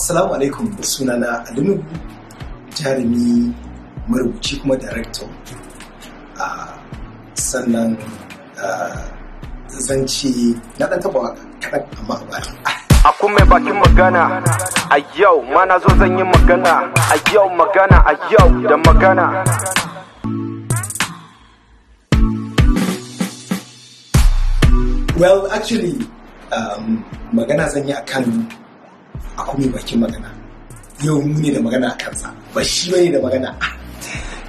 Assalamu alaikum sunana Alimu jarumi marubuci kuma director a ah, sannan ah, zance na ɗan taɓa kaɗan amma a baya. A mai bakin magana a yau mana zo zan yi magana a yau magana a yau da magana. Well actually um, magana zan yi a kan a kuma bakin magana yau mu ne da magana a kansa ba shi da magana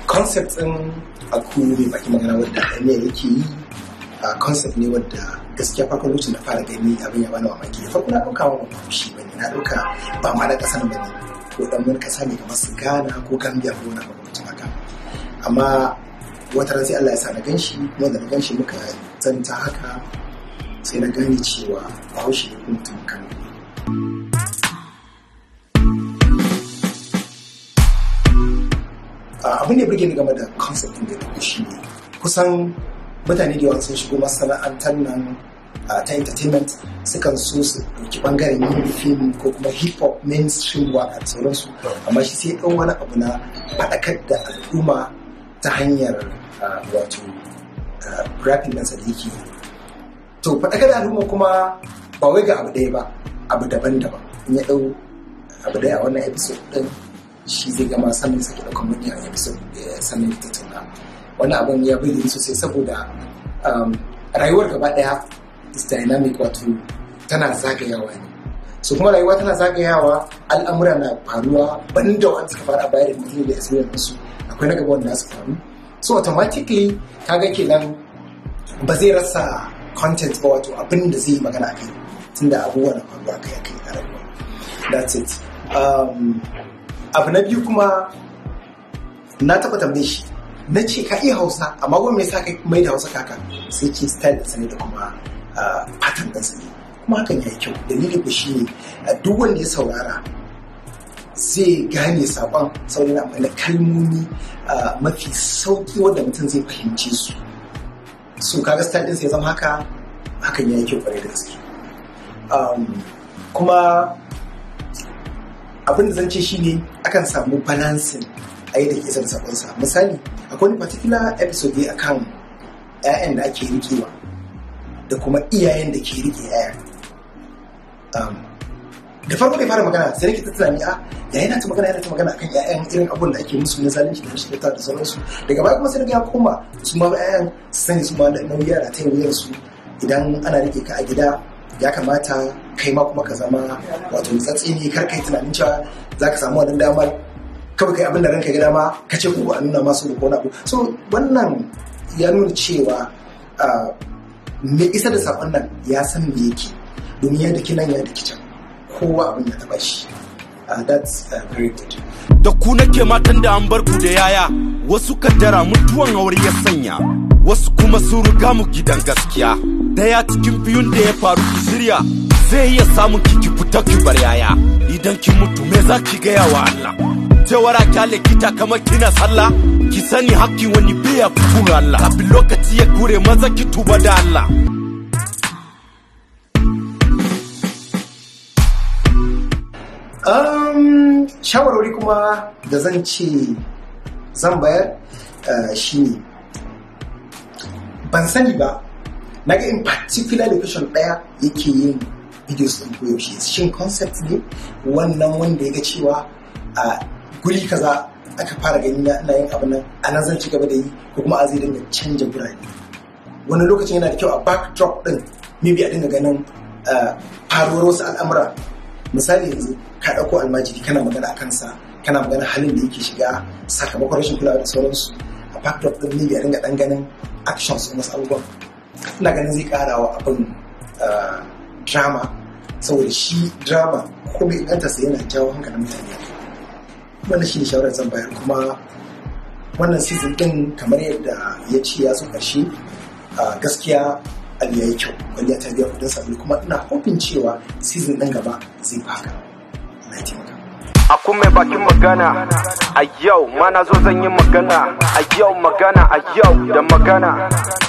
concept din a kuma ne bakin magana wadda hanyar yake yi a concept ne wadda gaskiya farko lokacin da fara gani abin ya bani mamaki da farko na ɗauka wa ba shi ne na ɗauka ba ma na ba ne, ko dan wani ƙasa ne kamar su Ghana ko Gambia ko wani abu haka amma wata ran sai Allah ya sa na ganshi kuma da na ganshi muka zanta haka sai na gane cewa bahaushe ne kuma mutum kano abin da ya burge ni game da concept da ta shi ne kusan mutane da yawa sun shigo masana'antar nan ta entertainment sukan so su ɗauki ɓangaren yin fim ko kuma hip hop mainstream waka da sauransu amma shi sai ɗan wani abu na faɗakar da al'umma ta hanyar wato rapping na da to faɗakar da al'umma kuma ba wai ga abu ɗaya ba abu daban-daban in ya ɗau abu ɗaya a wannan episode ɗin shi zai gama sake eh, da da a episode ya fi da ya tattauna wani abin ya bayyana sosai saboda um, rayuwar gaba ɗaya is dynamic wato tana zagayawa ne su kuma rayuwa tana zagayawa al'amura na faruwa banda wanda suka fara bayar da mutum da asirin su akwai na gaba wanda su faru so automatically kaga kenan ba zai rasa content ba wato abin da zai yi magana a kai tunda abubuwa na faruwa kai a kai a rayuwa that's it um, abu na biyu kuma na taɓa tambaye shi na ce ka iya hausa amma wani mai sa ka mai da hausa kaka sai ce style ɗinsa ne da kuma ah, pattern ɗinsa ne kuma hakan ya yi kyau dalilin ku shi ne ah, duk wanda ya saurara zai gane saƙon saurin amfani kalmomi ah, mafi sauƙi wanda mutum zai fahimce su su kaga style ɗinsa ya zama haka hakan ya yi kyau kwarai da gaske kuma abin da zan ce shine akan samu balancing a yadda ke son sabonsa misali akwai wani particular episode a kan 'ya'yan da ake rikewa da kuma iyayen da ke rike 'ya'yan um, da farko da fara magana sai nake ta tunani ah, a yayin na ta magana yana ta magana akan 'ya'yan irin abun da ake musu na zalunci da rashin da sauransu daga baya kuma sai ya koma su ma 'ya'yan su sani su ma nauyi yara ta yi su idan ana rike ka a gida ya kamata kai ma kuma ka zama wato nutsatsi ne kar kai tunanin cewa za ka samu wannan damar kawai kai abin da ranka ya dama ka ce ko a nuna masu ko na abu so wannan ya nuna cewa mai isa da saƙon nan ya san me yake domin ya daki nan ya daki can kowa abin da ta shi. da ku nake matan da an bar ku da yaya wasu kaddara mutuwan aure ya sanya wasu kuma sun riga mu gidan gaskiya daya cikin biyun da ya faru ki shirya zai iya samun kiki fita ki bar yaya idan ki mutu me za ki gaya wa Allah cewara kyale kita kamar kina sallah ki sani hakki wani biya fitura Allah kafin lokaci ya kure maza ki tuba da Allah um, shawarwari kuma da zan ce zan bayar uh, eh, shi ne ban sani ba na ga in particular location ɗaya yake yin videos ɗin koyaushe shin concept ne wannan wanda ya ga cewa a guri kaza aka fara gani na yin abin nan a nan zan ci gaba da yi ko kuma a zai dinga canja birane wani lokacin yana da kyau a backdrop ɗin maybe a dinga ganin faruwar wasu al'amura misali yanzu ka ɗauko almajiri kana magana a kansa kana magana halin da yake shiga sakamakon rashin kulawa da sauransu a backdrop ɗin maybe a dinga ɗan ganin actions in wasu abubuwan ina ganin zai kara wa abin ah, drama saboda shi drama ko mai ɗanta sai yana jawo hankalin mutane wannan shi ne shawarar zan bayar kuma wannan season din kamar yadda ya ce ya so karshe ah, gaskiya aliyu ya yi kyau wani ya ya kudin sabulu kuma ina hopin cewa season din gaba zai fi a kuma bakin magana a yau mana zo zan yi magana a yau magana a yau da magana